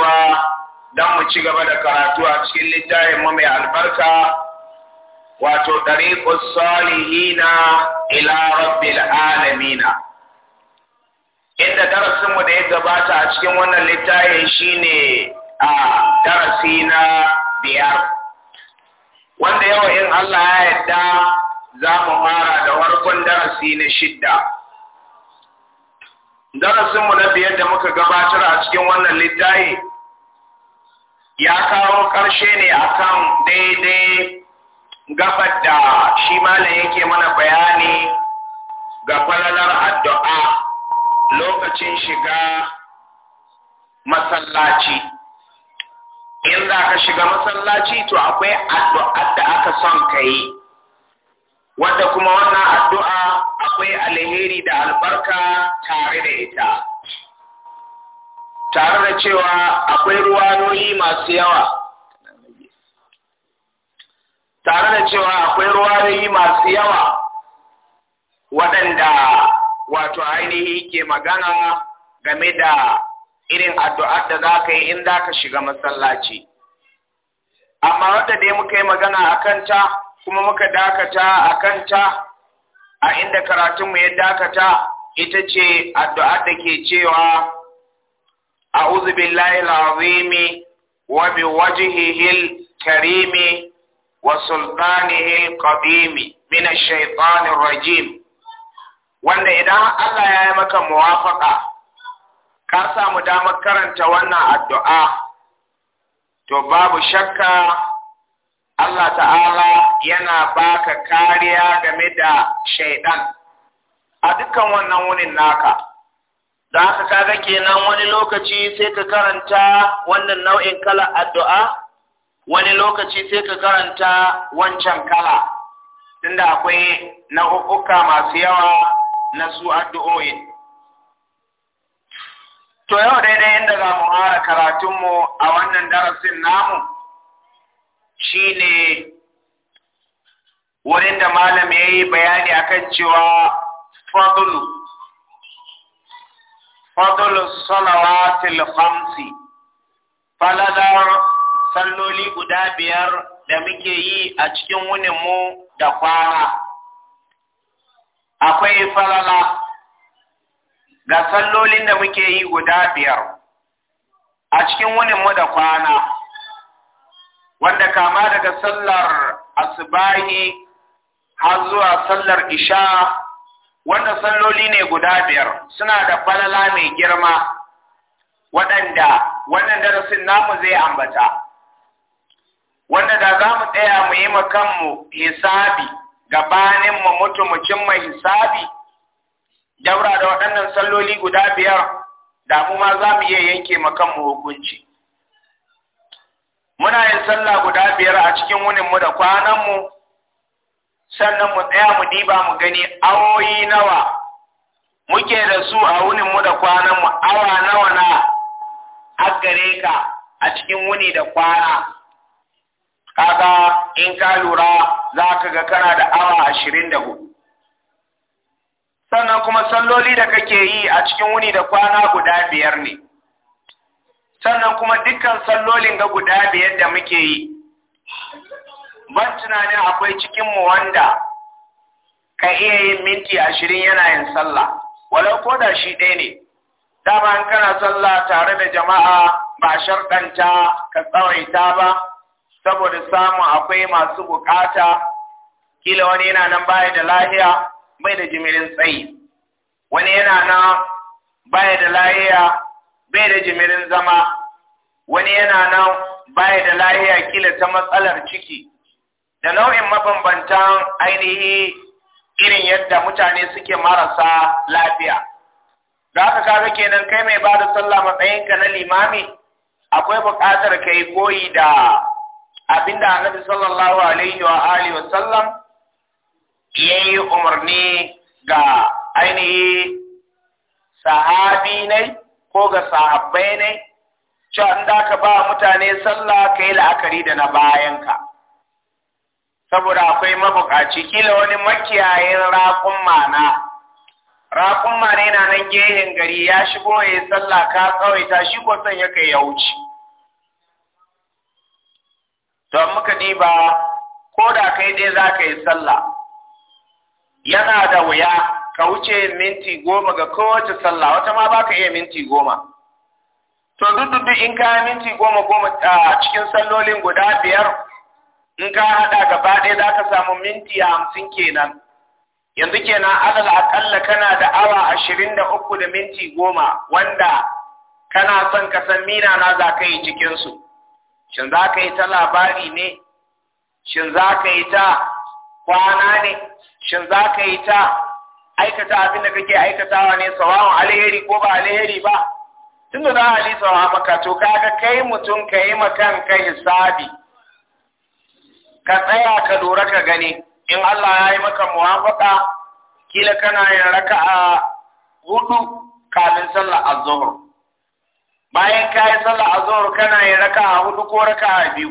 haɗuwa don mu ci gaba da karatu a cikin littafin mu mai albarka wato ɗariƙus salihina ila rabbil alamina inda darasin mu da ya gabata a cikin wannan littafin shine a darasi na biyar wanda yawa in Allah ya yarda za mu fara da farkon darasi na shidda darasinmu na biyar da muka gabatar a cikin wannan littafi ya kawo ƙarshe ne akan daidai gabar da shi malam yake mana bayani ga falalar addu'a lokacin shiga masallaci in za ka shiga masallaci to akwai addu'a da aka son ka yi wadda kuma wannan addu'a akwai alheri da albarka tare da ita tare da cewa akwai ruwanoyi masu yawa tare da cewa akwai ruwanoyi masu yawa waɗanda wato ainihi ke magana game da irin addu'ar da za ka yi in za ka shiga masallaci amma wadda dai muka yi magana a kanta kuma muka dakata a kanta a inda karatunmu ya dakata ita ce addu'a da ke cewa a'udhu billahi al wa bi wajhihi al wa sultanihi al-qadimi min ash rajim wanda idan Allah ya yi maka muwafaka ka samu damar karanta wannan addu'a to babu shakka Allah ta'ala yana baka kariya game da shaidan a dukkan wannan wunin naka za ka kaga kenan wani lokaci sai ka karanta wannan nau'in kala addu'a wani lokaci sai ka karanta wancan kala tunda akwai nau'uka masu yawa na su addu'o'in To yau daidai inda za mu fara karatunmu a wannan darasin namu, shine wurin da malam ya yi bayani akan cewa fadlu fadlu salawatil khamsi faladar salloli guda biyar da muke yi a cikin wunin mu da kwana akwai falala ga sallolin da muke yi guda biyar a cikin wunin mu da kwana wanda kama daga sallar asubahi har zuwa sallar isha wanda salloli ne guda biyar suna da falala mai girma waɗanda wannan darasin namu zai ambata wanda da za mu tsaya mu yi kanmu hisabi mutu mu mai hisabi daura da waɗannan salloli guda biyar da mu ma za mu iya yanke makanmu hukunci muna yin sallah guda biyar a cikin wuninmu mu da kwanan mu sannan mu tsaya mu diba mu gani awoyi nawa muke da su a wuninmu da kwanan awa nawa na aggare ka a cikin wuni da kwana kaga in ka lura za ka ga kana da awa ashirin da hudu sannan kuma salloli da kake yi a cikin wuni da kwana guda biyar ne sannan kuma dukkan sallolin ga guda biyar da muke yi ban tunanin akwai cikinmu wanda ka iya yin minti ashirin yana yin sallah walau ko da shi ɗaya ne dama an kana sallah tare da jama'a ba sharɗanta ka tsawaita ba saboda samun akwai masu bukata kila wani yana nan baya da lahiya bai da jimirin tsayi wani yana nan baya da lahiya bai da jimirin zama wani yana nan baya da lahiya kila ta matsalar ciki da nau'in mabambantan ainihi irin yadda mutane suke marasa lafiya za ka kaga kenan kai mai ba da sallah matsayinka na limami akwai buƙatar ka yi koyi da abinda annabi sallallahu alaihi wa alihi wa sallam ya yi umarni ga ainihi sahabi ne ko ga sahabbai ne cewa in da ka ba mutane sallah ka yi la'akari da na bayan ka. saboda akwai mabukaci kila wani makiyayin raƙun mana raƙun mana yana nan gehen gari ya shigo ya sallah ka tsawaita shi ko son ya kai ya wuce don muka diba ko da kai dai za ka yi sallah yana da wuya ka wuce minti goma ga kowace sallah wata ma ba ka iya minti goma to duk duk in ka yi minti goma goma a cikin sallolin guda biyar in ka haɗa gaba ɗaya za ka samu minti hamsin kenan yanzu kenan alal aƙalla kana da awa ashirin da uku da minti goma wanda kana son ka san mina na za ka yi cikinsu shin za ka yi ta labari ne shin za ka yi ta kwana ne shin za ka yi ta aikata abin da kake aikatawa ne sawa'un alheri ko ba alheri ba tun da za a lisawa maka to kaga kai mutum ka yi makan ka hisabi ka tsaya ka lura ka gani in Allah ya yi maka muwafaka kila kana yin raka a hudu kafin sallar azhar bayan ka yi sallar azhar kana yin raka a hudu ko raka a biyu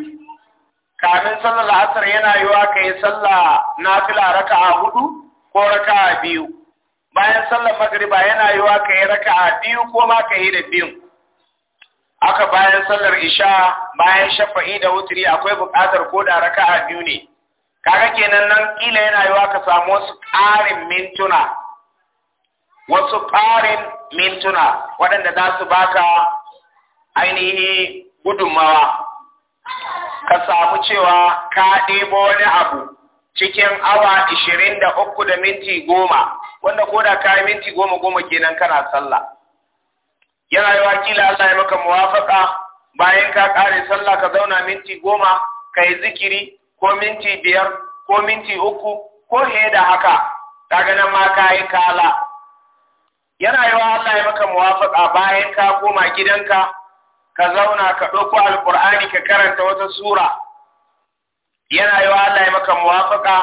kafin sallar asar yana yiwa ka yi sallah nafila a hudu ko raka'a biyu bayan sallar magariba yana wa ka yi raka'a biyu ko ma ka yi da biyu aka bayan sallar isha bayan shafa'i da wuturi akwai buƙatar ko da raka'a biyu ne kaga kenan nan kila yana wa ka samu wasu ƙarin mintuna wasu ƙarin mintuna waɗanda za su baka ainihi gudunmawa ka samu cewa ka ɗebo wani abu cikin awa ishirin da uku da minti goma wanda ko da kayi minti goma goma kenan kana sallah yana yi kila Allah ya maka muwafaka bayan ka kare sallah ka zauna minti goma ka yi zikiri ko minti biyar ko minti uku ko he da haka kaga nan ma ka yi kala yana yi wa Allah ya maka muwafaka bayan ka koma gidanka ka zauna ka ɗauko alƙur'ani ka karanta wata sura yana yi wa Allah ya maka muwafaka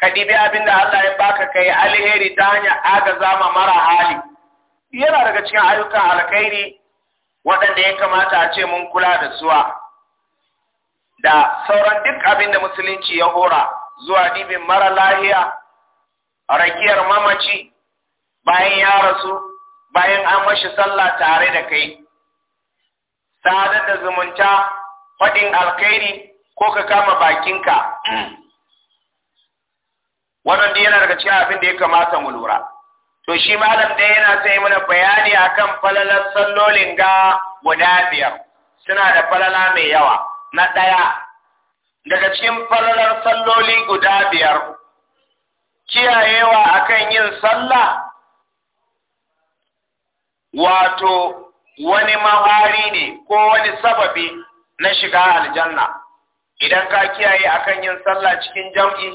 ka dibi abin da Allah ya baka kai alheri ta hanyar agaza ma mara hali yana daga cikin ayyukan alkhairi waɗanda ya kamata a ce mun kula da suwa da sauran duk abin da musulunci ya hora zuwa dibin mara lahiya rakiyar mamaci bayan ya rasu bayan an mashi sallah tare da kai sadar da zumunta faɗin alkhairi ko ka kama bakinka wannan dai yana daga cikin abin da ya kamata mu lura to shi malam dai yana sai mana bayani akan falalar sallolin ga guda biyar suna da falala mai yawa na ɗaya daga cikin falalar salloli guda biyar kiyayewa akan yin sallah wato wani mahari ne ko wani sababi na shiga aljanna idan ka kiyaye akan yin sallah cikin jam'i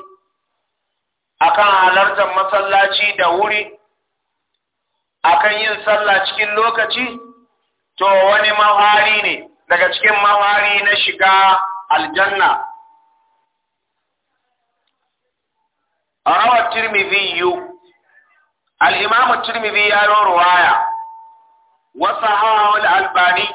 akan halartar masallaci da wuri akan yin sallah cikin lokaci to wani mawari ne daga cikin mawari na shiga aljanna rawar tirmidhi yu al-imam tirmidhi ya ruwaya wa sahahu al-albani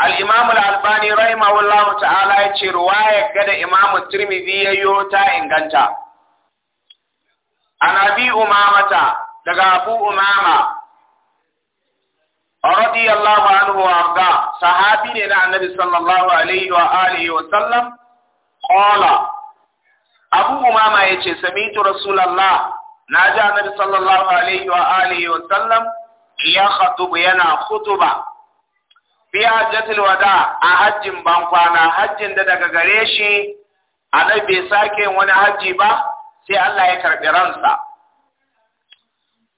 al-imam al-albani rahimahullahu ta'ala ya ce ruwaya ga da imam tirmidhi yayyo ta inganta an abi umamata daga abu umama radiyallahu anhu wa sahabi ne na annabi sallallahu alaihi wa alihi wa sallam qala abu umama ya ce samitu rasulallah na ji annabi sallallahu alaihi ya khatubu yana khutuba a jatil wada a hajjin ban bankwana hajjin da daga gare shi annabi bai sake wani hajji ba sai Allah ya karɓi ransa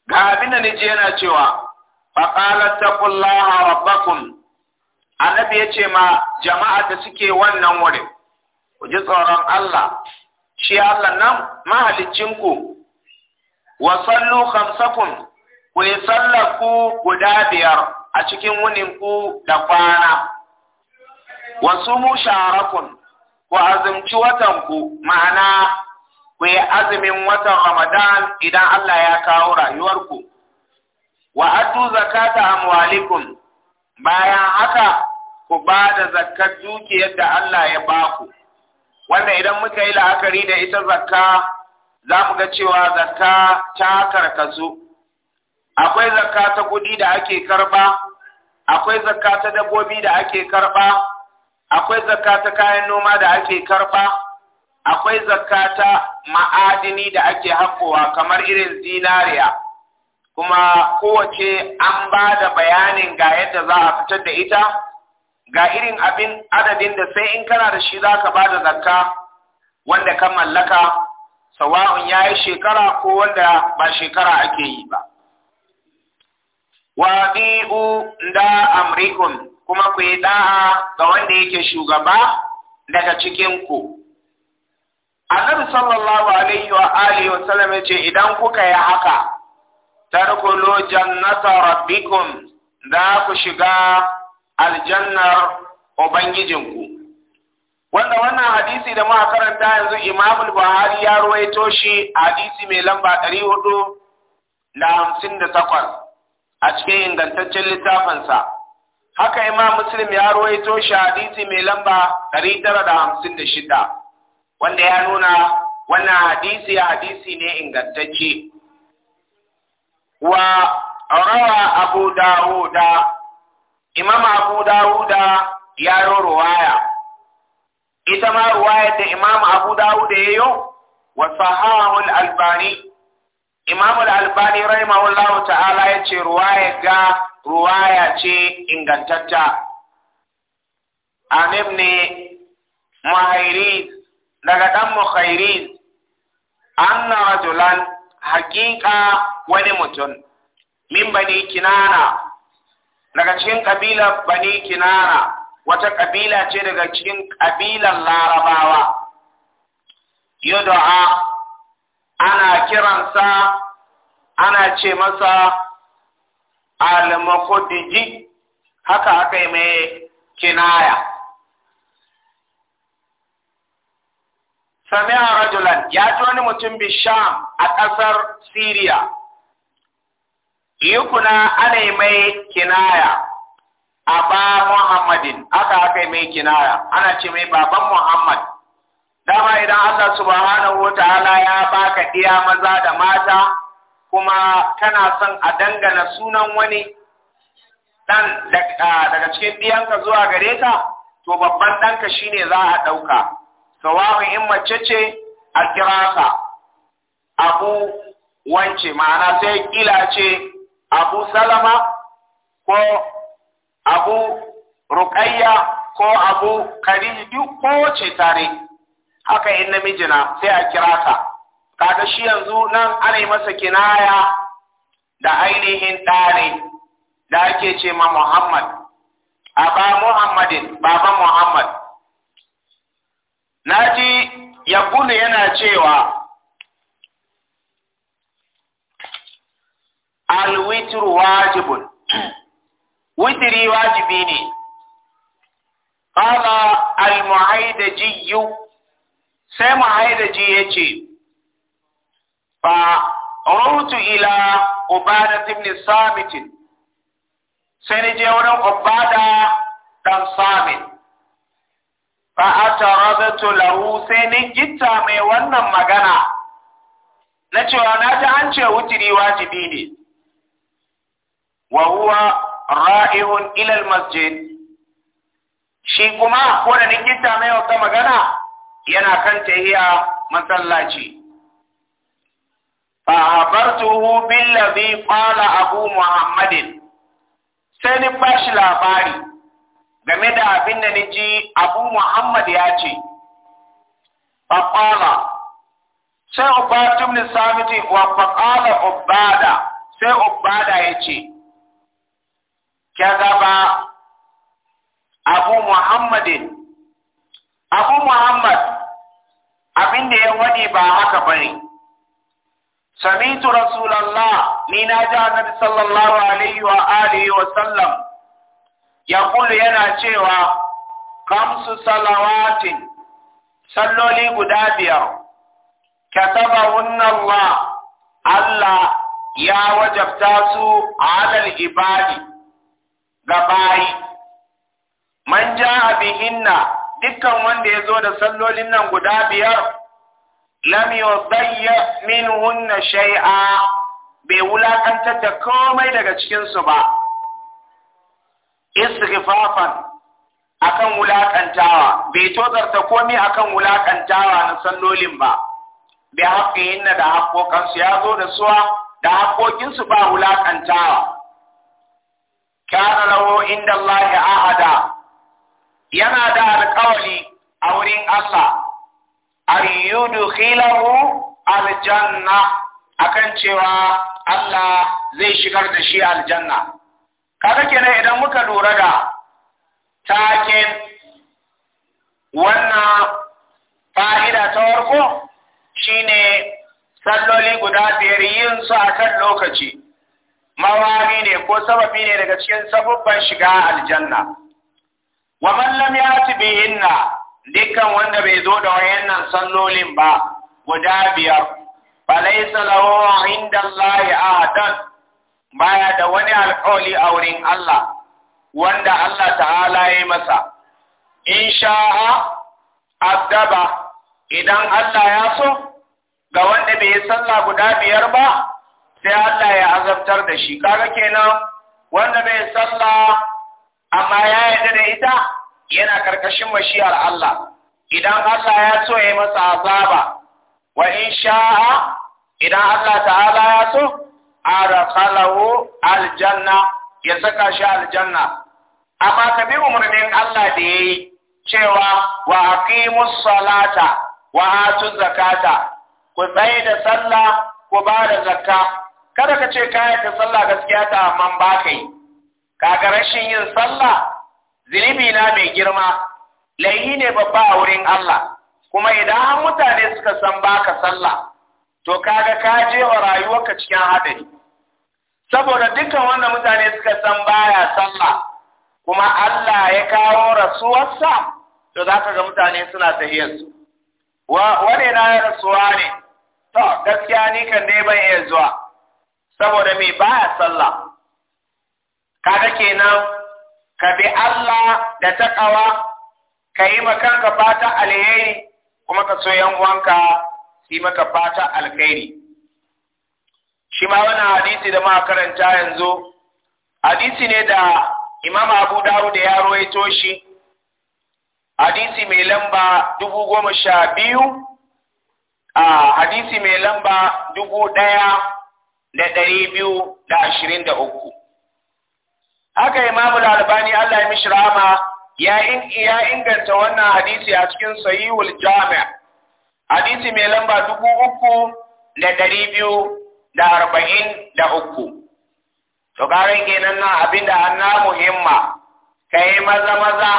ga abin da nije yana cewa fa qala taqullaha rabbakum annabi ya ma jama'a da suke wannan wuri ku ji tsoron Allah shi Allah nan mahaliccinku wa sallu khamsakum ku yi sallar ku guda biyar a cikin wunin ku da kwana wasu mu sharakun ku azumci watan ku ma'ana ku yi azumin watan Ramadan idan Allah ya kawo rayuwarku wa addu zakata amwalikun, bayan haka ku ba da zakkar dukiyar da Allah ya baku wanda idan muka yi la'akari da ita zakka za mu ga cewa zakka ta karkasu akwai zakka ta kudi da ake karba akwai zakka ta dabbobi da ake karba akwai zakka ta kayan noma da ake karba akwai zakka ta ma'adini da ake hakowa kamar irin zinariya kuma kowace an ba da bayanin ga yadda za a fitar da ita ga irin abin adadin da sai in kana da shi za ka ba da zakka wanda ka mallaka sawa'un ya yi shekara ko wanda ba shekara ake yi ba wa bi'u da amrikum kuma ku yi da'a ga wanda yake shugaba daga cikin ku annabi sallallahu alaihi wa alihi wa sallam yace idan kuka yi haka tarkulu jannata rabbikum za ku shiga aljannar ubangijinku wanda wannan hadisi da muka karanta yanzu Imam Buhari ya ruwaito shi hadisi mai lamba 458 a cikin ingantaccen littafinsa haka imam muslim ya ruwaito shi hadisi mai lamba 956 wanda ya nuna wannan hadisi hadisi ne ingantacce wa rawa abu dawuda imam abu dawuda ya yi ruwaya ita ma ruwayar da imam abu dawuda ya yi wa sahahul albani Imam al-Albani rahimahullahu ta'ala yace ruwaya ga ruwaya ce ingantatta. An ibn Muhairiz daga dan Muhairiz anna rajulan haqiqa wani mutum min bani kinana daga cikin kabila bani kinana wata kabila ce daga cikin kabilar larabawa yudu'a ana kiransa ana ce masa almakudiji haka aka yi mai kinaya sami'a rajulan ya ji wani mutum bisham a ƙasar siriya yukuna ana yi mai kinaya a ba muhammadin aka aka yi mai kinaya ana ce mai baban muhammad dama idan Allah subhanahu ta'ala ya baka iya maza da mata kuma kana son a dangana sunan wani dan daga cikin ɗiyanka zuwa gare ka to babban ɗanka shine za a ɗauka sawa'un in mace ce a kira ka abu wance ma'ana sai ƙila ce abu salama ko abu ruƙayya ko abu kariji duk ce tare haka in namiji na sai a kira ka kaga shi yanzu nan ana yi masa kinaya da ainihin ɗare da ake ce ma Muhammad ba Muhammadin baba Muhammad Na ji yabunu yana cewa alwitr wajibun witri wajibi ne قال almuhaidajiyu sai mahaidaji ya ce fa rutu ila ubadat ibn samit sai ni je wurin ubada dan samit fa ataradatu lahu sai ni gitta mai wannan magana na cewa na ta an ce wutiri wajibi ne wa huwa ra'ihun ila masjid shi kuma ko da ni gitta mai wannan magana yana kan tahiya masallaci fa habartuhu ladhi qala abu muhammadin sai ni bashi labari game da abin da ni ji abu muhammad ya ce fa qala sai ubatu ibn samiti wa fa qala ubada sai ubada ya ce kazaba abu muhammadin abu muhammad abin da ya wani ba haka ba ne. samitu rasulallah ni na ji annabi sallallahu alaihi wa alihi wa sallam ya kullu yana cewa kamsu salawatin salloli guda biyar katabahunna Allah Allah ya wajabta su alal ibadi ga bayi man abi bihinna dukkan wanda ya zo da sallolin nan guda biyar bayya min hunna shay'a bai wulakantar da komai daga cikinsu ba istighfafan akan wulakantawa bai tozarta komai akan wulakantawa na sallolin ba bai haƙƙin da haƙƙoƙansu ya zo da suwa da haƙoƙinsu ba wulakantawa kana lawo inda Allah ya ahada yana da alƙawari a wurin Allah an yudkhilahu aljanna akan cewa Allah zai shigar da shi aljanna kaga kenan idan muka lura da takin wannan fa'ida ta farko shine salloli guda biyar yin su akan lokaci Mawari ne ko sababi ne daga cikin sababban shiga aljanna wa ya lam yati bihinna dukkan wanda bai zo da wayannan sallolin ba guda biyar falaysa lahu inda Allah ahadan baya da wani alƙawli a wurin Allah wanda Allah ta'ala ya masa in sha'a ba. idan Allah ya so ga wanda bai yi sallah guda biyar ba sai Allah ya azabtar da shi kaga kenan wanda bai sallah amma ya yarda da ita yana karkashin mashiyar Allah idan Allah ya so ya masa azaba wa in sha'a idan Allah ta'ala ya so arqalahu aljanna ya saka shi aljanna amma ka bi umarnin Allah da yayi cewa wa aqimus salata wa atu zakata ku tsaye da sallah ku ba da zakka kada ka ce kayan da sallah gaskiya ta amman ba kai kaga rashin yin sallah zunubi na mai girma laihi ne babba a wurin Allah kuma idan an mutane suka san baka sallah to kaga ka je wa rayuwarka cikin haɗari. saboda dukkan wanda mutane suka san baya sallah kuma Allah ya kawo rasuwarsa to za ka ga mutane suna tahiyarsu wane na ya rasuwa ne to gaskiya ni kan dai iya zuwa saboda mai baya sallah kada kenan ka bi Allah da taqawa ka yi kanka fata alheri kuma ka so yan uwanka su yi maka fata alheri shi ma wannan hadisi da ma karanta yanzu hadisi ne da Imam Abu da ya rawaito shi hadisi mai lamba dubu goma sha biyu a hadisi mai lamba dubu ɗaya da ɗari biyu da ashirin da uku haka imamu al-albani Allah ya mishi rahama ya inganta wannan hadisi a cikin sahihul Jami'a hadisi mai lamba dubu uku da dari biyu da arba'in da uku to karin kenan na abinda an na muhimma yi maza maza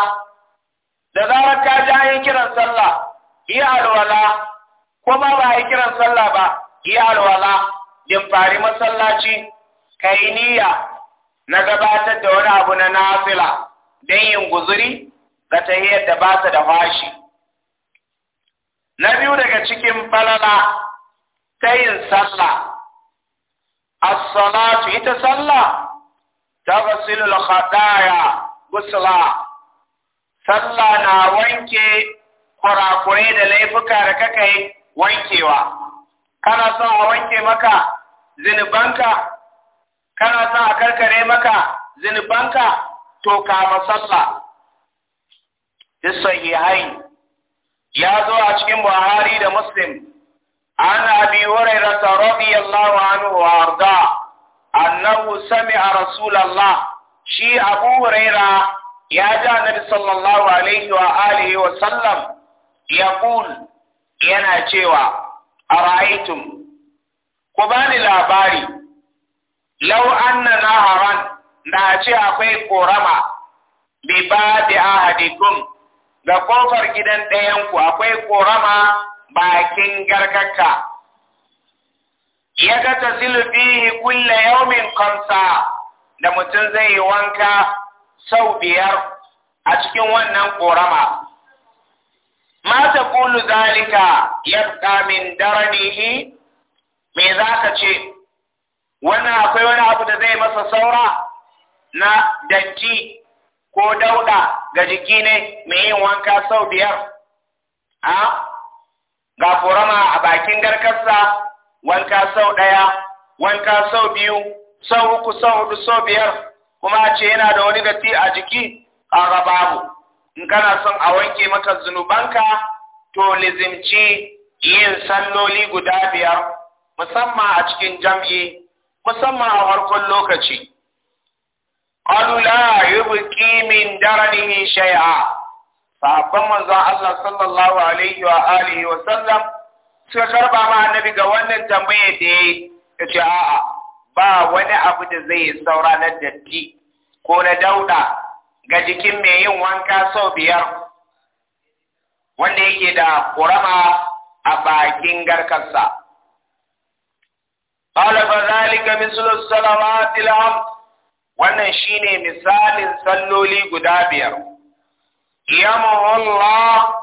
da zarar ka ji an yi kiran sallah yi alwala kuma ba a yi kiran sallah ba yi alwala din fari masallaci yi niyya na gabatar da wani abu na nafila don yin guzuri ga tahiyar da ba ta da fashi. Na biyu daga cikin falala ta yin sallah, as-salatu ita sallah ta basilul khadaya gusula, Sallah na wanke kurakurai da laifuka da kakai wankewa. Kana son a wanke maka zinubanka kana sa a karkare maka zinubanka to kama sallah bisahihain ya zo a cikin Buhari da Muslim an abi hurairah radiyallahu anhu wa arda annahu sami'a rasulullah shi abu hurairah ya ji annabi sallallahu alaihi wa alihi wa sallam yaqul yana cewa ara'aytum ku bani labari lau anna naharan na ce akwai korama bi ba da ahadikum da kofar gidan ɗayanku akwai korama bakin garkaka ya ga ta fihi kulle yaumin kamsa da mutum zai yi wanka sau biyar a cikin wannan korama ma ta kulu zalika yadda min daranihi me za ka ce wannan akwai wani abu da zai masa saura na datti ko dauda ga jiki ne mai yin wanka sau biyar a ga furama a bakin garkarsa wanka sau ɗaya wanka sau biyu sau uku sau hudu sau biyar kuma a ce yana da wani datti a jiki ƙara babu in kana son a wanke maka zunubanka to lizimci yin salloli guda biyar musamman a cikin jam'i musamman a farkon lokaci qalu la buƙi min yin shai'a. sahabban manzon Allah sallallahu alaihi wa alihi wa sallam suka karba ma annabi ga wannan tambaye da yayi yace a'a ba wani abu da zai saura na datti ko na dauda ga jikin mai yin wanka sau biyar wanda yake da ƙurama a bakin garkarsa قال فذلك مثل الصلوات العام wannan shine misalin salloli guda biyar yamullah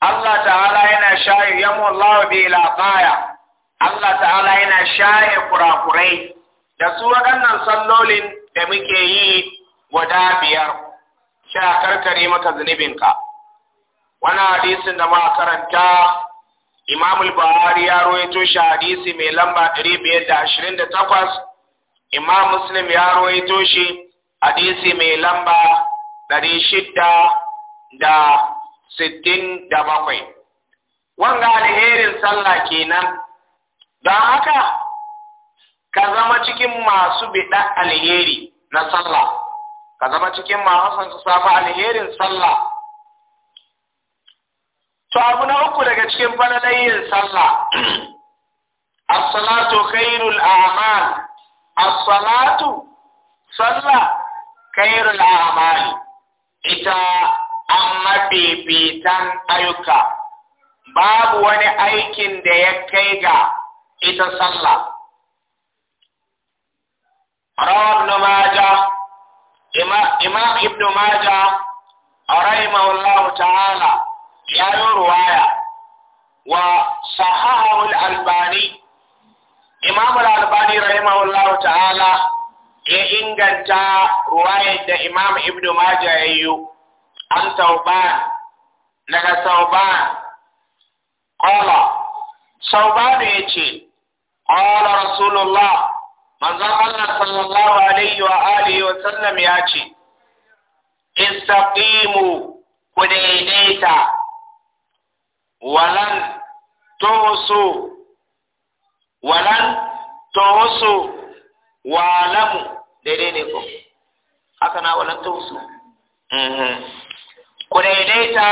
Allah ta'ala yana shaye yamullah bi laqaya Allah ta'ala yana shaye kurakurai da su waɗannan sallolin da muke yi guda biyar sha karkare maka zunubinka wani hadisin da ma karanta Imam al-Buhari ya rawaito shi hadisi mai lamba 528 Imam Muslim ya rawaito shi hadisi mai lamba 667 Wanga alherin sallah kenan don haka ka zama cikin masu bida alheri na sallah ka zama cikin masu safa alherin sallah to abu na uku daga cikin falalayin sallah as-salatu khairul a'mal as-salatu sallah khairul a'mal ita an mafifitan ayyuka babu wani aikin da ya kai ga ita sallah روى ابن ماجه إمام ابن ماجه رحمه الله تعالى ya ruwaya wa sahahul albani imam al-albani rahimahullahu ta'ala ya inganta ruwaya da imam ibn majah yayyo an tauban daga tauban qala sauban yace qala rasulullah manzon Allah sallallahu alaihi wa alihi wa sallam yace istaqimu ku daidaita walan tuhusu walan walamu ne ko walan mhm. daidaita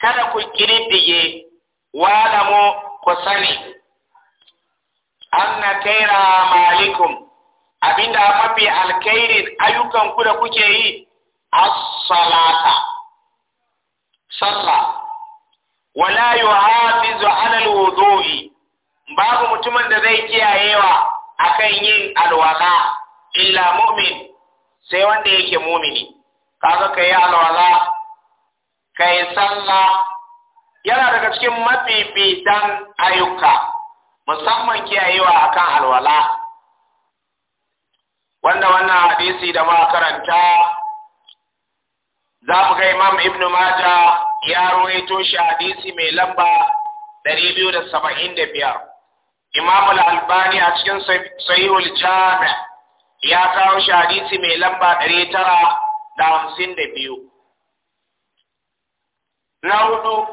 kada ku kididdige walamu ku sani anna kaira malikum abinda mafi alkairin ayyukan ku da kuke yi as-salata sallah wala yuhafizu ala alwudu'i babu mutumin da zai kiyayewa akan yin alwala illa mu'min sai wanda yake mu'mini kaga kai alwala kai salla yana daga cikin mafifitan ayyuka musamman kiyayewa akan alwala wanda wannan hadisi da ma karanta za mu ga imam ibnu majah ya rawaito shi hadisi mai lamba 275 Imam al-Albani a cikin Sahihul Jami' ya kawo shi hadisi mai lamba 952 Na hudu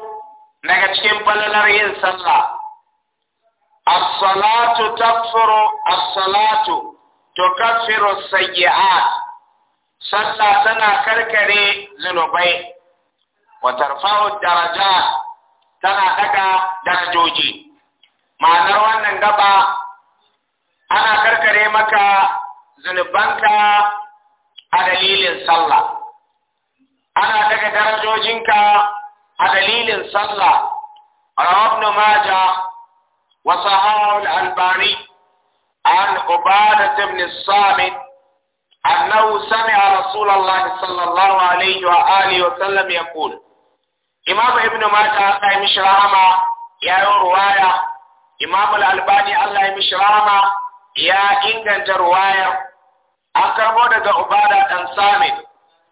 daga cikin falalar yin sallah as-salatu takfuru as-salatu tukaffiru as-sayyi'at sallah tana karkare zunubai وترفع الدرجات تنا دكا درجوجي ما نروى أن نقبع أنا كركري مكا زنبانكا أدليل صلى أنا دكا درجوجينكا أدليل صلى روى ابن ماجة وصحاه الألباني عن عبادة بن الصامت أنه سمع رسول الله صلى الله عليه وآله وسلم يقول imam ibn mata Allah ya mishi rahama ya yi ruwaya imam al-albani Allah ya mishi rahama ya inganta ruwaya an karbo daga ubada dan samin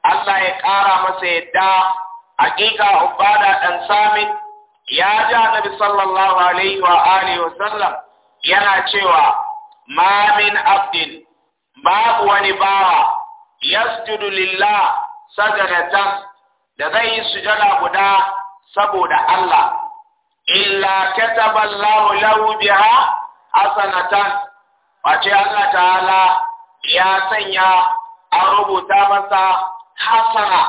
Allah ya kara masa yadda hakika ubada dan samin ya ji annabi sallallahu alaihi wa alihi wa sallam yana cewa Mamin min babu wani bawa yasjudu lillah sajadatan da zai yi sujada guda saboda Allah illa kataba Allahu lahu biha hasanatan wace Allah ta'ala ya sanya a rubuta masa hasana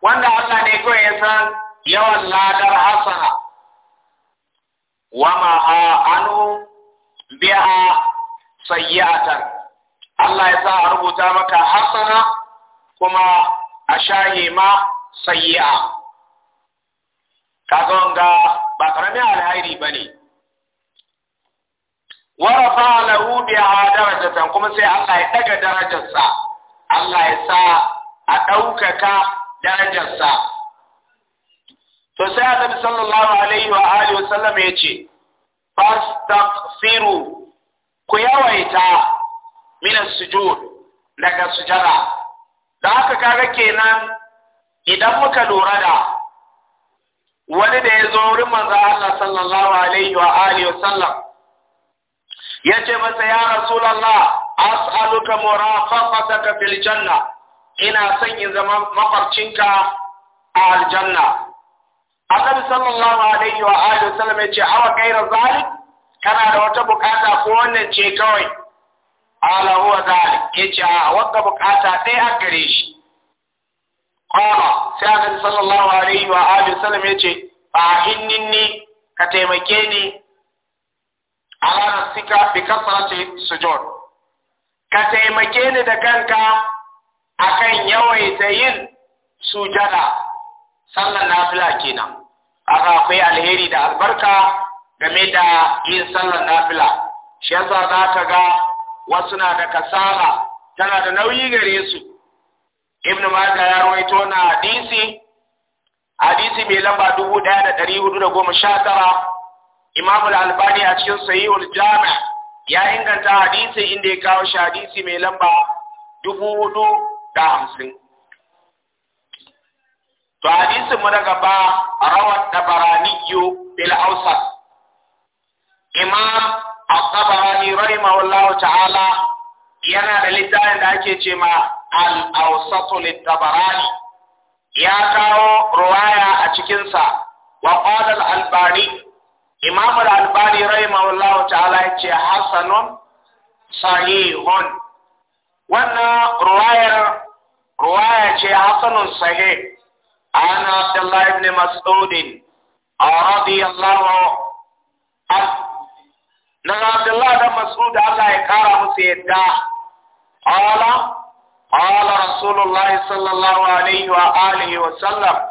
wanda Allah ne kawai ya san yawan ladar hasana wa ma'a anu biha sayyatan. Allah ya sa a rubuta maka hasana kuma a shaye ma Ka kaga wanga ba karamin alhairi bane wa rafa lahu bi darajatan kuma sai Allah ya daga darajarsa Allah ya sa a ɗaukaka darajarsa to sai Annabi sallallahu alaihi wa alihi wa sallam ya ce fastaghfiru ku yawaita min sujud daga sujada da haka kaga kenan idan muka lura da wani da ya zo wurin manzo Allah sallallahu alaihi wa alihi wa sallam ce masa ya rasulullah as'aluka murafaqataka fil janna ina son in zama mafarcinka a aljanna annabi sallallahu alaihi wa alihi wa sallam yace awa kaira zalik kana da wata bukata ko wannan ce kawai ala huwa zalik yace a wanda bukata ɗaya a gare shi qala sai annabi sallallahu alaihi wa alihi wasallam yace fa inni ka taimake ni ala nafsika bi kasrati sujud ka taimake ni da kanka a kan yawaita yin sujada sallan nafila kenan aka akwai alheri da albarka game da yin sallan nafila shi yasa za ka ga wasu na da kasara. tana da nauyi gare su ibn Majah ya rawaito na hadisi hadisi mai lamba 1419 Imam al-Albani a cikin Sahihul Jami' ya inganta hadisi inda ya kawo shi hadisi mai lamba 450 To hadisin mu na gaba rawat tabaraniyu bil awsat Imam al-Tabarani rahimahullahu ta'ala yana da littafin da ake ce ma al-awsatu litabarani ya kawo ruwaya a cikinsa wa qala al-albani imam al-albani rahimahullahu ta'ala yace hasanun sahihun wannan ruwayar ruwaya ce hasanun sahih an abdullah ibn mas'ud radiyallahu anhu na Abdullahi ibn mas'ud Allah ya kara musu yadda qala قال رسول الله صلى الله عليه وآله وسلم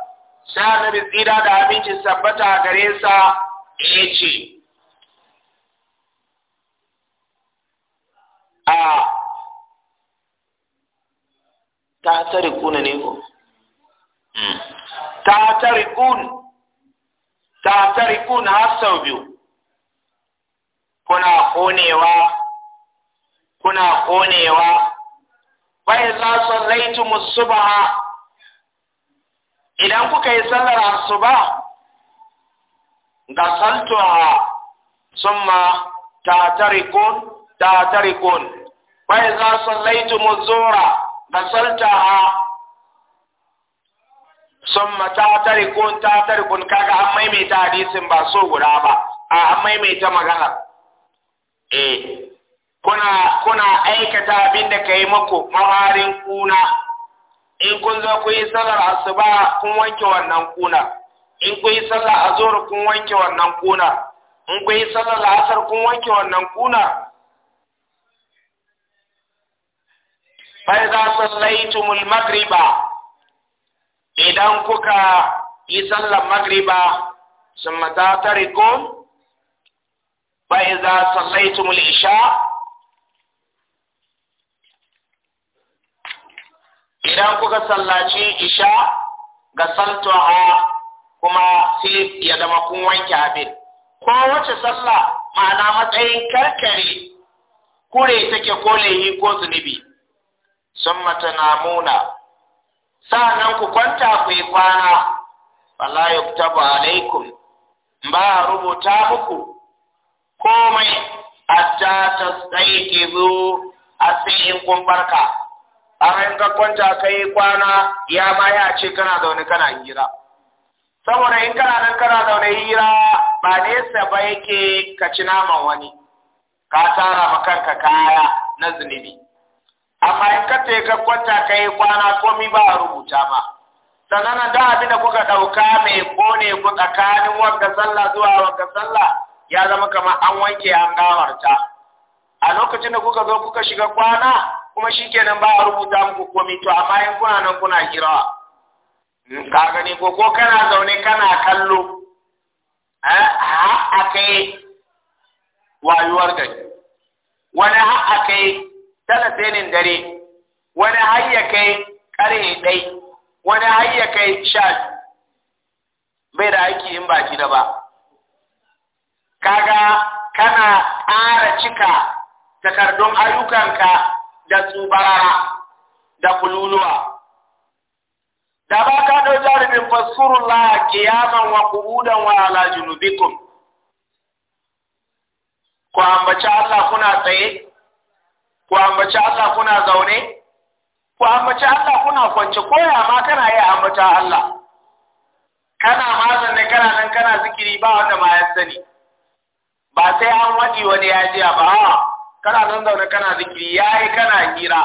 sai da tsira da abinci sabbata gare sa ya har sau biyu kuna kuna konewa za su laiti musu ba idan kuka yi sallara su ba ga saltuwa sun ma ta tarikun ta tarikun fa’iza sun laiti musu zora ga saltuwa sun ma ta tarikun ta tarikun kaga an maimaita hadisin ba so guda ba a an maimaita magana eh kuna kuna aikata abin da kai muku maharin kuna in kun zo ku yi sallar asuba kun wanke wannan kuna in ku yi sallar azhar kun wanke wannan kuna in ku yi sallar asar kun wanke wannan kuna fa idza sallaitumul maghriba idan kuka yi sallar maghriba sun mata fa idza sallaitumul isha idan kuka sallaci isha ga santuwa kuma sai ya zama kun wanke abin ko wace sallah ma'ana matsayin karkare kure take ko lehi ko zunubi sun mata namuna sa'annan ku kwanta ku yi kwana wala yuktabu alaikum ba rubuta muku komai a ta tasdaiki zo a sai in kun barka a in ka kwanta ka yi kwana ya ma ya ce kana zaune kana hira saboda in kana nan kana zaune hira ba nesa ba yake ka ci naman wani ka tara ma kanka kaya na zunubi amma in ka ce ka kwanta ka yi kwana komi ba a rubuta ma sannan da abin da kuka ɗauka mai kone ku tsakanin wanda sallah zuwa wanda sallah ya zama kamar an wanke an gawarta a lokacin da kuka zo kuka shiga kwana kuma shi nan, ba a rubuta muku komi to a bayan kuna nan kuna kirawa ka gani ko ko kana zaune kana kallo eh, ha a kai wayuwar gari wani ha a kai talatenin dare wani har ya kai ƙarhe ɗai wani har kai sha bai da aiki in baki da ba kaga kana ƙara cika takardun ayyukanka da tsubarara da kululuwa da ba ka ɗau jarumin faskurullah kiyaman wa ƙubudan wa ala junubikum ku ambaci Allah kuna tsaye ku ambaci Allah kuna zaune ku ambaci Allah kuna kwance koya ma kana yi ambata Allah kana mazan ne kana nan kana zikiri ba wanda ma ya sani ba sai an waɗi wani ya jiya ba kana nan zaune kana zikiri yayi kana hira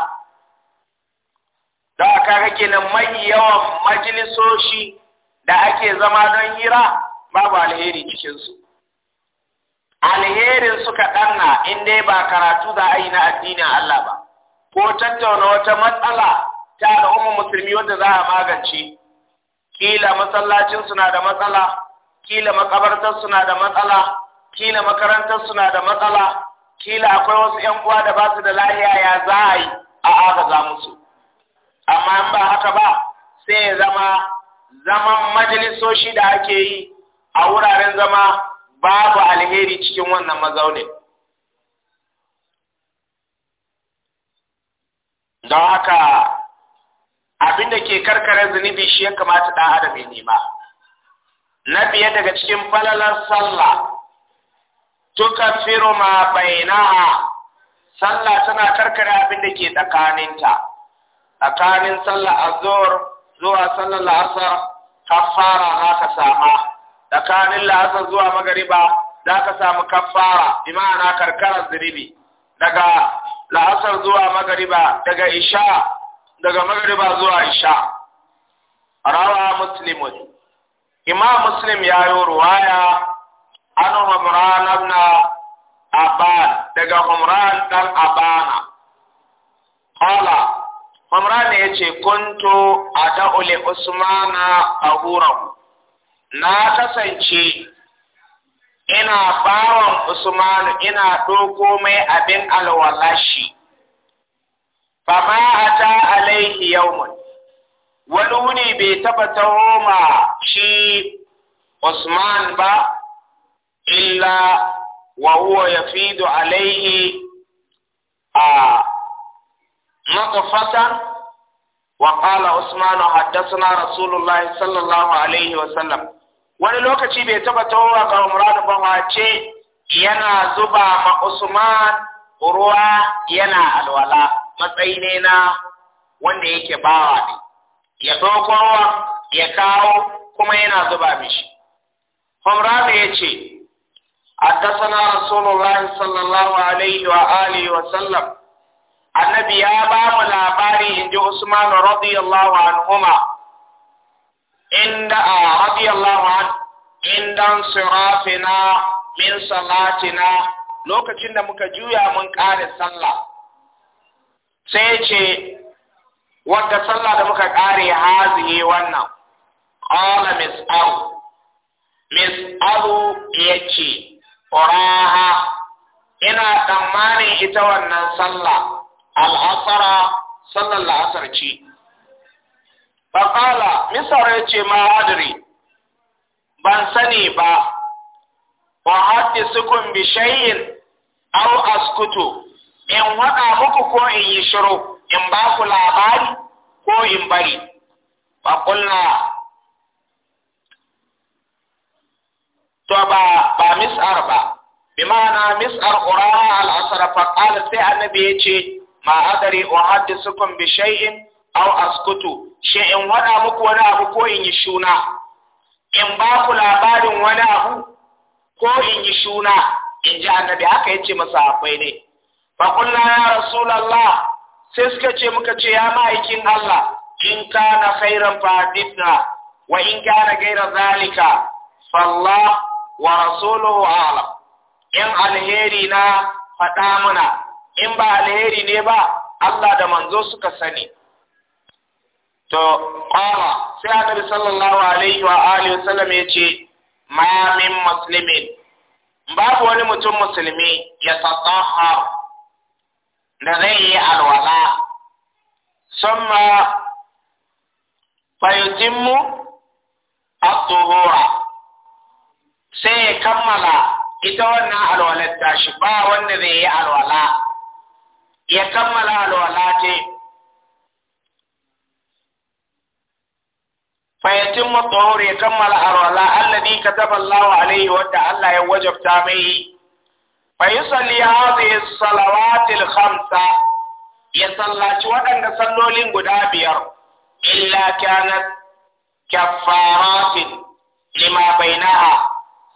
da kaga kenan mai yawan majalisoshi da ake zama don hira babu alheri cikinsu alherin suka ɗanna in dai ba karatu za a yi na addinin Allah ba ko tattauna wata matsala ta al'ummar musulmi wanda za a magance kila masallacin suna da matsala kila makabartar suna da matsala kila makarantar suna da matsala kila akwai wasu ‘yan uwa da ba su da lahiya ya za a yi a aka za musu amma in ba haka ba sai ya zama zaman majalisoshi da ake yi a wuraren zama babu alheri cikin wannan mazaunin don haka abin da ke karkarar zunubi shi ya kamata ɗan adam ya nema na biya daga cikin falalar sallah tukaffiru ma bainaha sallah tana karkare abin da ke tsakaninta tsakanin sallah azhar zuwa sallah al'asr kaffara za ka sama tsakanin la'asar zuwa magariba za ka samu kaffara bi ma'ana karkarar zunubi daga la'asar zuwa magariba daga isha daga magariba zuwa isha rawa muslimun imam muslim ya yi ruwaya Ana humran ibn aban daga humran dan abana qala umran ne yace kuntu ad'u li usmana na kasance ina bawan Usman ina doko mai abin alwalashi fama ata alaihi yawmun wani wuni bai taba taho shi usman ba illa wa huwa yafidu alaihi a matafatan وقال عثمان حدثنا رسول الله صلى الله عليه وسلم wani lokaci bai taba taura ga muradu ba wace yana zuba ma Usman ruwa yana alwala matsayi ne na wanda yake bawa ne ya dokowa ya kawo kuma yana zuba mishi Umran ya ce حدثنا رسول الله صلى الله عليه وآله وسلم annabi ya ba mu labari in ji Usman radiyallahu anhuma inda a radiyallahu an indan sirafina min salatina lokacin da muka juya mun kare sallah sai ce wadda sallah da muka kare hazihi wannan qala mis'al Kuraha ina tsammanin ita wannan sallah al'asara sallar la'asar ce Bakala, misar ya ce ma ban sani ba ba haddi sukun bishayin au askuto in waɗa muku ko in yi shiru in ba ku labari ko in bari faƙulna to ba ba mis'ar ba bi ma'ana mis'ar qurara al-asra fa qala sai annabi yace ma adari uhaddisukum bi shay'in aw askutu shin in wada muku wani abu ko in yi shuna in ba ku labarin wani abu ko in yi shuna in ji annabi haka yace akwai ne fa qulna ya rasulullah sai suka ce muka ce ya ma'aikin Allah in kana khairan fa wa in kana gaira zalika fallah wa rasuluhu alam in alheri na faɗa muna in ba alheri ne ba Allah da manzo suka sani to qala sai annabi sallallahu alaihi wa alihi wasallam yace ma min muslimin babu wani mutum musulmi ya tatahhar da zai yi alwala summa fayutimmu at-tuhura sai ya kammala ita wannan alwalar tashi ba wanda zai yi alwala ya kammala alwala ce fayatin matsawar ya kammala alwala alladi ka taba Allah alaihi wadda Allah ya wajabta mai fayisalli hadhihi salawatil khamsa ya sallaci waɗanda sallolin guda biyar illa kanat kaffaratin lima bainaha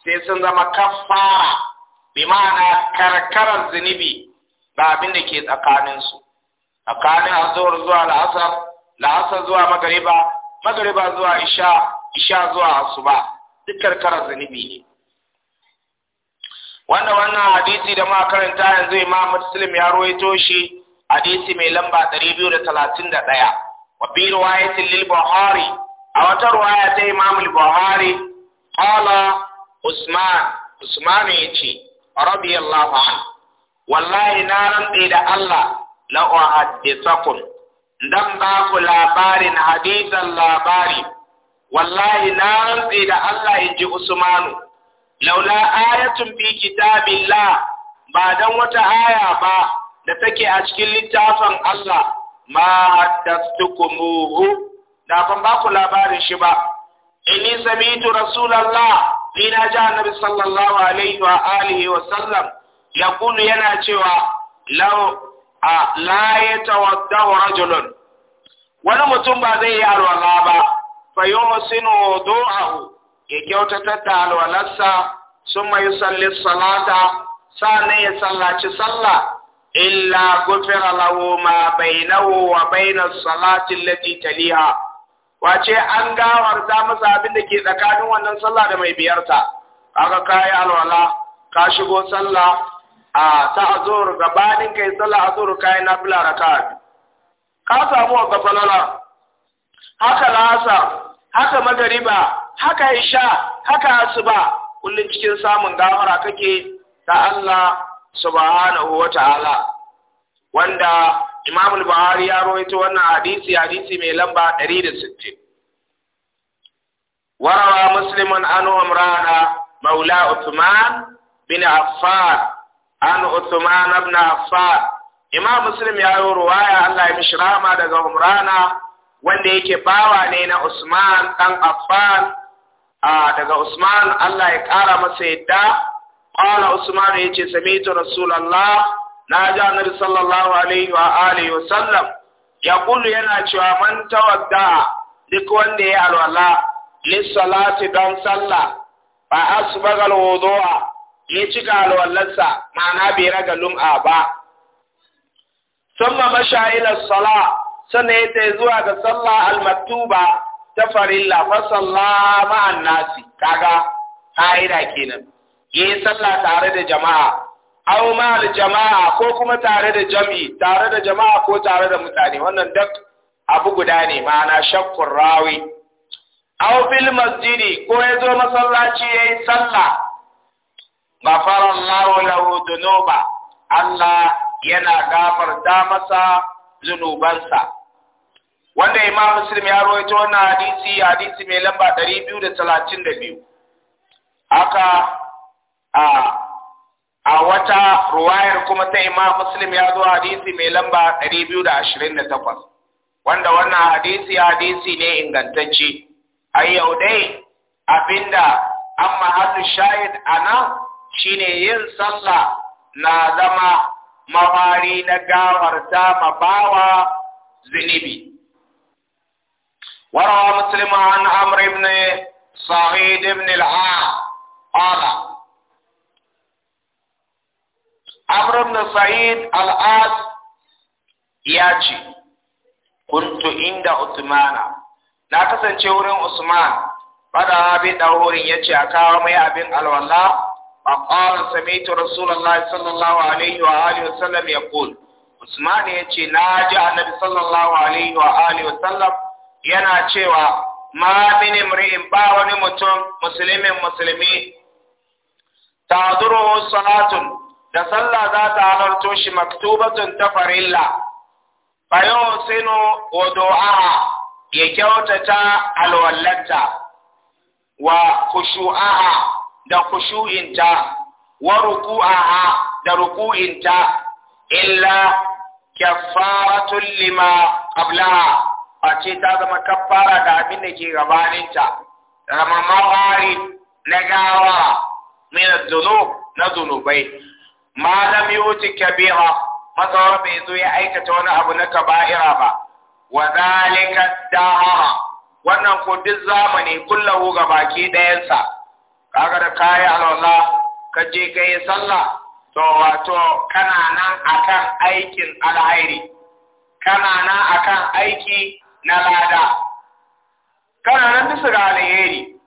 sai sun zama kafara bi ma'ana karkarar zunubi ba abin da ke tsakaninsu tsakanin azuwar zuwa la'asar la'asar zuwa magariba magariba zuwa isha isha zuwa asuba duk karkarar zunubi ne wanda wannan hadisi da ma karanta yanzu imam muslim ya ruwaito shi hadisi mai lamba 231 wa bi riwayatin lil buhari a wata ruwaya ta imam al buhari qala Usman Usman ya ce radiyallahu an wallahi na rantse da Allah la dan ba ku labarin hadisan labari wallahi na rantse da Allah in ji Usmanu laula ayatun fi kitabillah ba dan wata aya ba da take a cikin littafin Allah ma haddathtukumuhu da ban ba ku labarin shi ba inni samitu rasulullah ni ji annabi sallallahu alaihi wa alihi wa sallam ya kunu yana cewa law a la rajulun wani mutum ba zai yi alwala ba fa yuhsinu wudu'ahu ya kyautata da alwalarsa mai yusalli salata na ya sallaci sallah illa gufira lahu ma bainahu wa bainas salati allati taliha wace an gawar za masa abin da ke tsakanin wannan sallah da mai biyarta kaga kayi alwala ka shigo sallah a ta azur gabanin kai sallah azur na bila raka'a ka samu wa falala haka lasa haka magariba haka isha haka asuba kullun cikin samun gawara kake ta Allah subhanahu wataala wanda Imam Buhari ya rawaito wannan hadisi hadisi mai lamba ɗari da 160 warawa muslimun anu umrana maula Uthman bin Affan an Uthman ibn Affan Imam Muslim ya yi ruwaya Allah ya mishi rahama daga umrana wanda yake bawa ne na Usman dan Affan daga Usman Allah ya kara masa yadda qala Usman yace sami'tu rasulallah. na ji annabi sallallahu alaihi wa alihi wa sallam ya kullu yana cewa man tawadda duk wanda ya alwala salati dan sallah ba asbagal wudu'a ya cika alwallarsa ma'ana bai raga lum'a ba summa masha ila sala sannan ya zuwa ga sallah Al-maktuba ta farilla fa salla ma'an nasi kaga fa'ida kenan yayi sallah tare da jama'a au ma jama'a ko kuma tare da jam'i tare da jama'a ko tare da mutane wannan duk abu guda ne ma'ana shakkun rawi au fil masjidi ko ya zo masallaci yayi sallah ghafara Allahu lahu dhunuba Allah yana gafarta masa zunubansa wanda imam muslim ya rawaito wannan hadisi hadisi mai lamba 232 aka a a wata ruwayar kuma ta imam muslim ya zo hadisi mai lamba 228 wanda wannan hadisi hadisi ne ingantacce a yau dai abinda an mahallu shahid a nan shine yin sallah na zama mawari na gawarta mabawa zunubi وروى مسلم an عمرو بن sa'id ibn al قال amr ibn sa'id al-as ya ce kuntu inda usmana na kasance wurin usman fada bi dawurin yace a kawo mai abin alwala faqala sami'tu rasulullahi sallallahu alaihi wa alihi wasallam yaqul usman yace na ji annabi sallallahu alaihi wa alihi wasallam yana cewa ma min imri'in ba wani mutum musulmin musulmi ta duru salatun da sallah za ta halarto shi maktubatun ta farilla bayan sinu wa ya kyautata alwallanta wa kushu'aha da kushu'inta wa ruku'aha da ruku'inta illa kaffaratun lima qablaha a ce ta zama kaffara da abin da ke gabaninta ramamman hari na gawa min na zunubai malam yuti kabira matsalar bai zo ya aikata wani abu na kaba'ira ba wa zalika dahara wannan ko duk zamani kullahu ga baki ɗayansa kaga da kayi alwala ka je ka yi sallah to wato kana nan akan aikin alhairi kana nan akan aiki na lada kana nan bisa ga alheri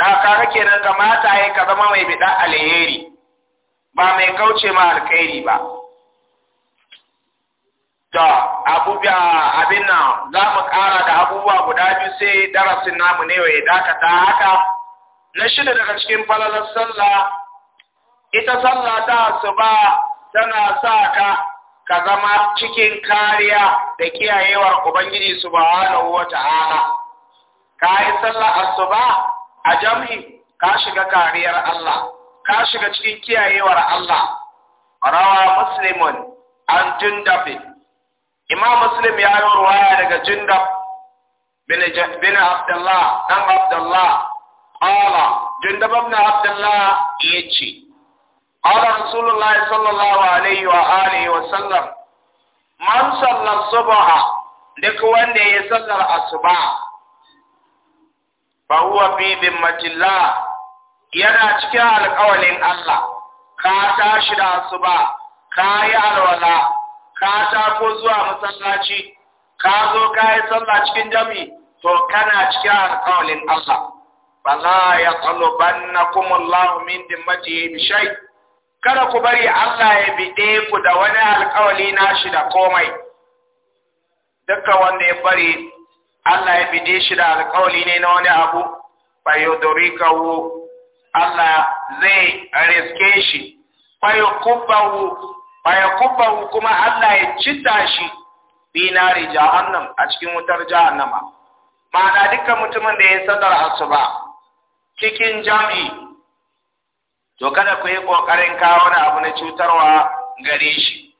da ka kake nan kamata ya ka zama mai bida alheri ba mai kauce ma alkhairi ba to abubuwa abin nan za mu ƙara da abubuwa guda biyu sai darasin namu ne ya dakata haka na shida daga cikin falalar sallah ita sallah ta ba tana sa ka ka zama cikin kariya da kiyayewar Ubangiji su wani wa ta'ala, ka yi sallar asuba a jam'i ka shiga kariyar Allah, ka shiga cikin kiyayewar Allah rawa muslimun an jundab imam muslim ya yi ruwaya daga jundab bin abdullah dan abdullah qala jundab ibn abdullah yace qala rasulullah sallallahu alaihi wa alihi wa sallam man salla subha duk wanda ya sallar asuba fa huwa bi dhimmatillah yana cikin alƙawalin Allah ka tashi da su ba ka yi alwala ka tako zuwa masallaci ka zo ka yi sallah cikin jami to kana cikin alƙawalin Allah Bala ya tsalo banna kumullahu min dimmati bi shai, kada ku bari Allah ya bi ku da wani alƙawali nashi da komai Duka wanda ya bari Allah ya bi shi da alƙawali ne na wani abu fa yudrikahu Allah zai riske shi fayakubahu kuma Allah ya cita shi binari jahannam a cikin wutar jahannama ma'ana duka mutumin da ya sadar asuba cikin jam'i to kada ku yi kokarin kawo wani abu na cutarwa gare shi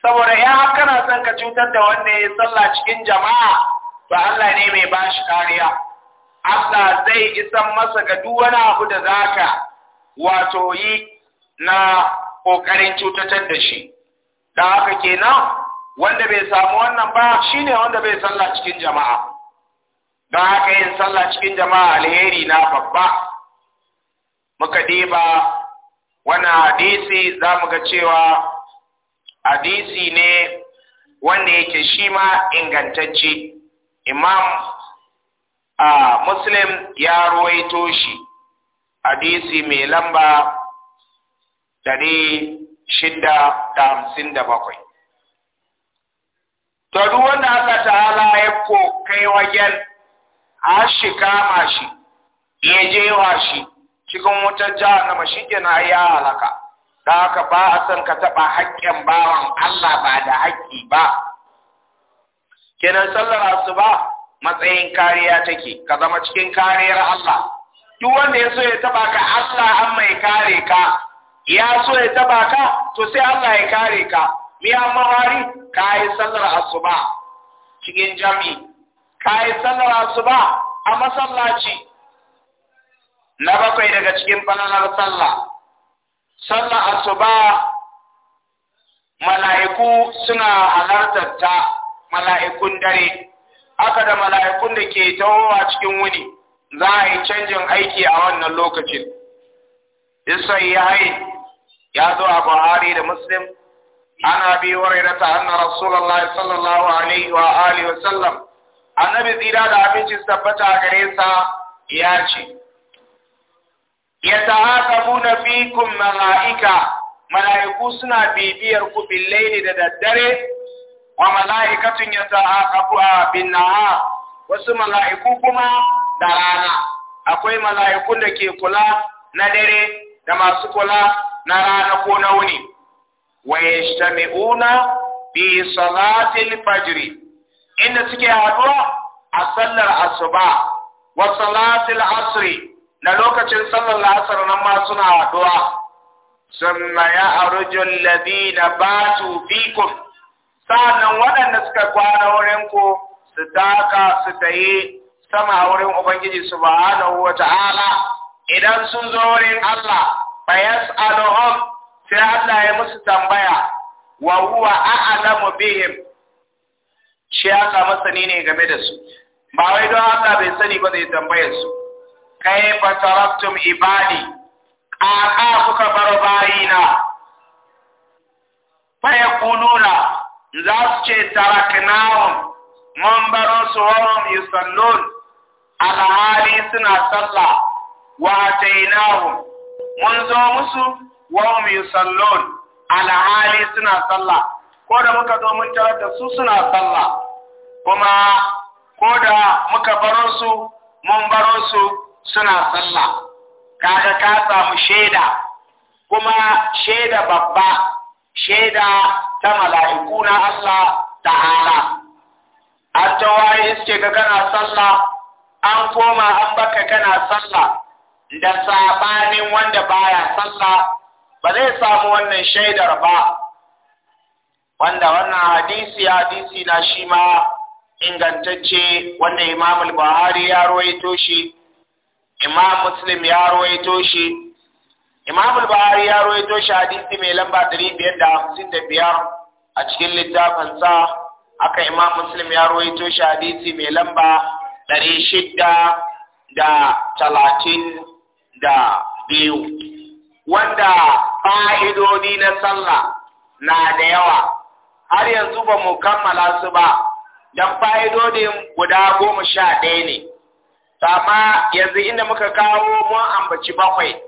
saboda ya haka na son ka cutar da wanda ya sallah cikin jama'a to Allah ne mai bashi kariya Allah zai isan masa ga duk wani abu da zaka wato yi na kokarin cutatar da shi da haka kenan wanda bai samu wannan ba shine wanda bai sallah cikin jama'a da haka yin sallah cikin jama'a alheri na babba muka diba wannan hadisi za mu ga cewa hadisi ne wanda yake shi ma ingantacce imam a muslim ya ruwaito shi hadisi mai lamba dari shida da hamsin da bakwai to duk wanda aka ta'ala ya kai wajen a shi kama shi ya jewa shi cikin wutar jahannama shi na ya halaka da haka ba a son ka taɓa haƙƙin bawan Allah ba da haƙƙi ba kenan sallar ba? matsayin kariya take ka zama cikin kariyar Allah duk wanda ya so ya taba ka Allah an mai kare ka ya so ya taba ka to sai Allah ya kare ka mi amma hari kai sallar asuba cikin jami kai sallar asuba a masallaci na bakwai daga cikin fananar sallah sallar asuba mala'iku suna halartar ta mala'ikun dare aka da mala'ikun da ke tawowa cikin wuni za a yi canjin aiki a wannan lokacin isai ya haini ya zo a buhari da muslim ana bi waraira ta hannun rasulallah sallallahu alaihi wa alihi wa sallam annabi zira da abinci tabbata a gare sa ya ce ya na fikum mala'ika mala'iku suna bibiyar ku bil da daddare wa mala'ikatun a bin ha? wasu mala'iku kuma da rana akwai mala'ikun da ke kula na dare da masu kula na rana ko na wuni wa yajtami'una biyu Salatin fajr inda suke haɗuwa a sallar asuba wa Salatin asri na lokacin sallar la'asar nan ma suna sun summa ya arjul ladina batu fikum sa'annan waɗanda suka kwana wurin ku su daka su ta yi sama wurin ubangiji su wa ta'ala? idan sun zo wurin Allah fa yas'aluhum sai Allah ya musu tambaya wa huwa a'lamu bihim shi samu masani ne game da su ba wai don Allah bai sani ba zai tambayar su kai fa taraktum ibadi aa kuka bar bayina fa yakununa za su ce taraknahum mun baro su wahum yusallun alhali suna sallah wa atainahum mun zo musu wahum yusallun alhali suna sallah ko da muka zo mun tarar da su suna sallah kuma ko da muka baro su mun baro su suna sallah kaga ka samu shaida kuma shaida babba shaida ta mala'iku na Allah ta'ala an tawaye iske ka kana sallah an koma an baka kana sallah da sabanin wanda baya sallah ba zai samu wannan shaidar ba wanda wannan hadisi hadisi na shi ma ingantacce wanda imam buhari ya rawaito shi imam muslim ya rawaito shi Imam al-Bahari ya rawaito shi hadisi mai lamba 555 a cikin littafin sa aka Imam Muslim ya rawaito shi hadisi mai lamba 600 da talatin da biyu wanda fa'idodi na sallah na da yawa har yanzu ba mu kammala su ba don fa'idodin guda goma sha ɗaya ne amma yanzu inda muka kawo mun ambaci bakwai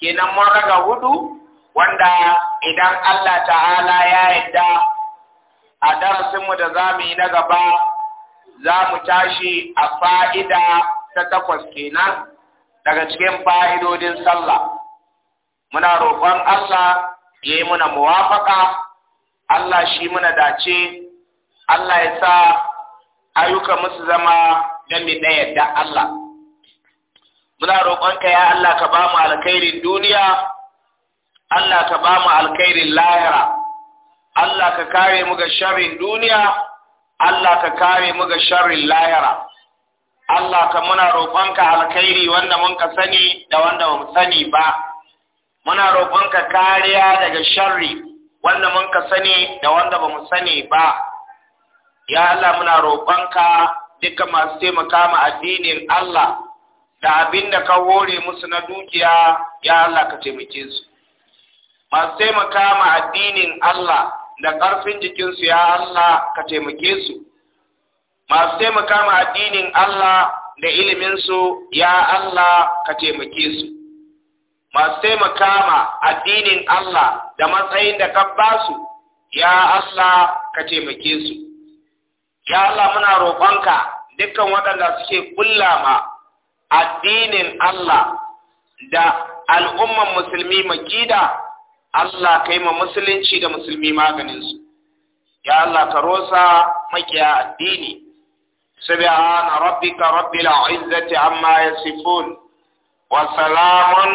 kenan mun raga hudu wanda idan Allah ta'ala ya yarda a darasinmu da za mu yi na gaba za mu tashi a fa'ida ta takwas kenan daga cikin fa'idodin sallah. Muna roƙon Allah ya yi muna muwafaka, Allah shi muna dace, Allah ya sa ayyuka musu zama don mu ɗaya da Allah. muna roƙonka ya Allah ka ba mu alkhairin duniya Allah ka ba mu alkhairin lahira Allah ka kare mu ga sharrin duniya Allah ka kare mu ga sharrin lahira Allah ka muna roƙonka alkhairi wanda mun ka sani da wanda ba mu sani ba muna roƙonka kariya daga sharri wanda mun ka sani da wanda ba mu sani ba ya Allah muna roƙonka duka masu taimaka mu addinin Allah da abin da ka hore musu na dukiya ya Allah ka taimake su masu taimaka ma addinin Allah da ƙarfin jikinsu ya Allah ka taimake su masu taimaka ma addinin Allah da iliminsu ya Allah ka taimake su masu taimaka ma addinin Allah da matsayin da ka basu ya Allah ka taimake su ya Allah muna roƙonka dukkan waɗanda suke kullama addinin Allah da al'umman musulmi makida Allah kai ma musulunci da musulmi maganinsu. Ya Allah ka rosa makiya addini, subhana rabbika rabbil izzati amma yasifun wa salamun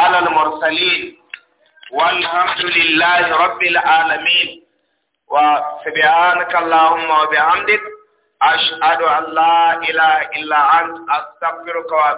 alal mursalin walhamdulillahi rabbil alamin wa subhanaka allahumma wa bihamdika ashhadu an la ilaha illa ant astaghfiruka wa